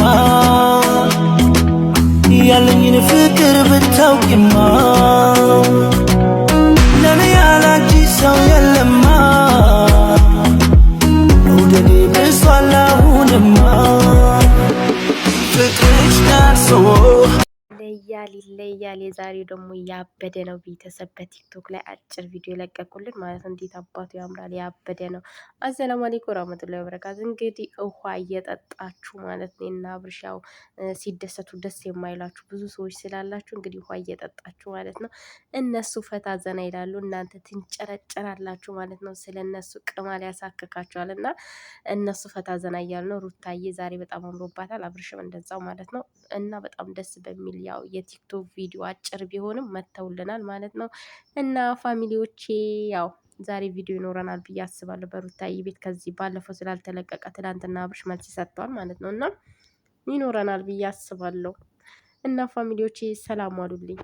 ብታውቂማ ያለኝን ፍቅር ብታውቂማ ይለያል ይለያል። የዛሬው ደግሞ ያበደ ነው ቤተሰብ በቲክቶክ ላይ አጭር ቪዲዮ ለቀቁልን ማለት ነው። እንዴት አባቱ ያምራል! ያበደ ነው። አሰላሙ አለይኩም ረመቱላ ወበረካቱ። እንግዲህ ውሃ እየጠጣችሁ ማለት ነው እና ብርሻው ሲደሰቱ ደስ የማይላችሁ ብዙ ሰዎች ስላላችሁ እንግዲህ ውሃ እየጠጣችሁ ማለት ነው። እነሱ ፈታ ዘና ይላሉ፣ እናንተ ትንጨረጨራላችሁ ማለት ነው። ስለ እነሱ ቅማል ያሳክካችኋል እና እነሱ ፈታ ዘና እያሉ ነው። ሩታዬ ዛሬ በጣም አምሮባታል፣ አብርሽም እንደዛው ማለት ነው እና በጣም ደስ በሚል ያው የቲክቶክ ቪዲዮ አጭር ቢሆንም መተውልናል ማለት ነው። እና ፋሚሊዎቼ ያው ዛሬ ቪዲዮ ይኖረናል ብዬ አስባለሁ። በሩታዬ ቤት ከዚህ ባለፈው ስላልተለቀቀ ትላንትና አብርሽ መልስ ሰጥቷል ማለት ነው እና ይኖረናል ብዬ አስባለሁ። እና ፋሚሊዎቼ ሰላም አሉልኝ።